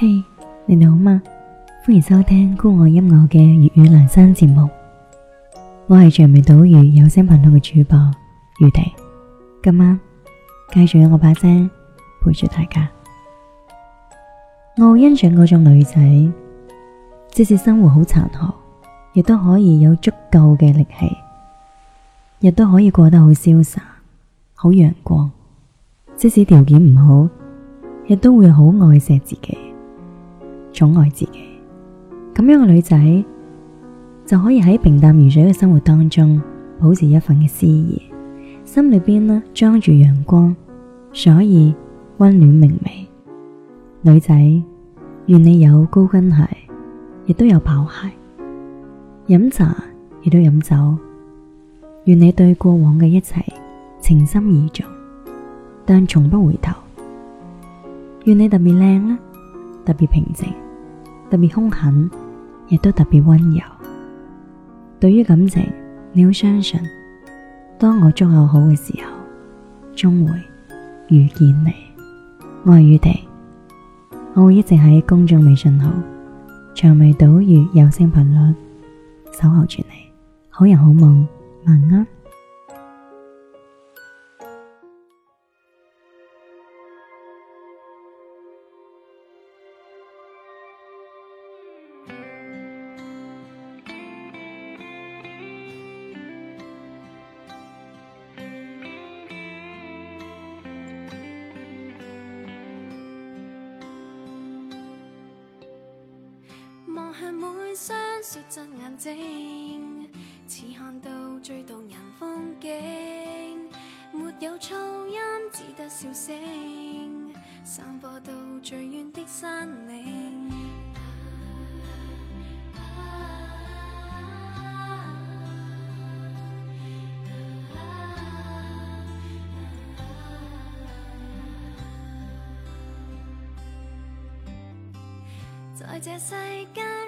嘿，hey, 你哋好嗎？歡迎收聽酷我音樂嘅粵語男生節目。我係長尾島嶼有聲頻道嘅主播雨婷。今晚繼續由我把聲陪住大家。我好欣賞嗰種女仔，即使生活好殘酷，亦都可以有足夠嘅力氣，亦都可以過得好瀟灑、好陽光。即使條件唔好，亦都會好愛惜自己。寵愛自己，咁樣嘅女仔就可以喺平淡如水嘅生活當中保持一份嘅詩意，心裏邊呢裝住陽光，所以溫暖明媚。女仔，願你有高跟鞋，亦都有跑鞋，飲茶亦都飲酒。願你對過往嘅一切情深義重，但從不回頭。願你特別靚啦，特別平靜。特別兇狠，亦都特別溫柔。對於感情，你要相信，當我足夠好嘅時候，終會遇見你。我係雨蝶，我會一直喺公眾微信號、長眉島與有聲頻率守候住你。好人好夢，晚安、啊。向每雙率真眼睛，似看到最動人風景。沒有噪音，只得笑聲。散播到最遠的山嶺， 在這世間。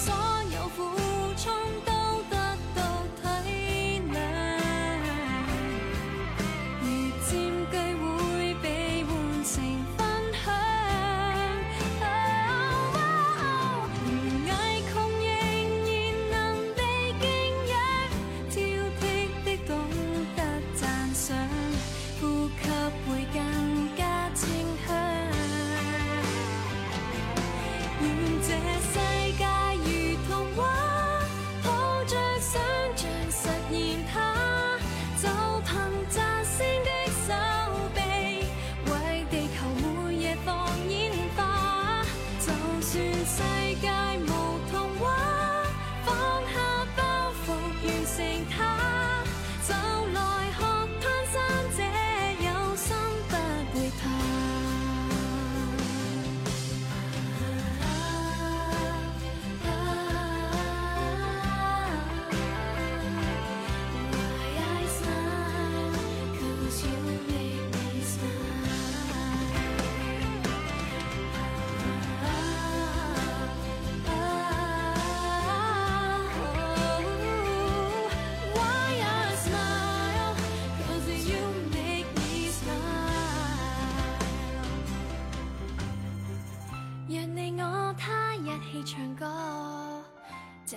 所有苦衷。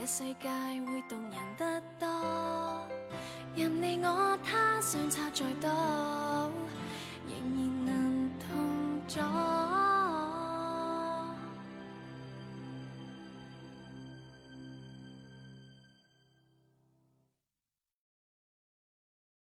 這世界會動人得多，任你我他相差再多，仍然能同在。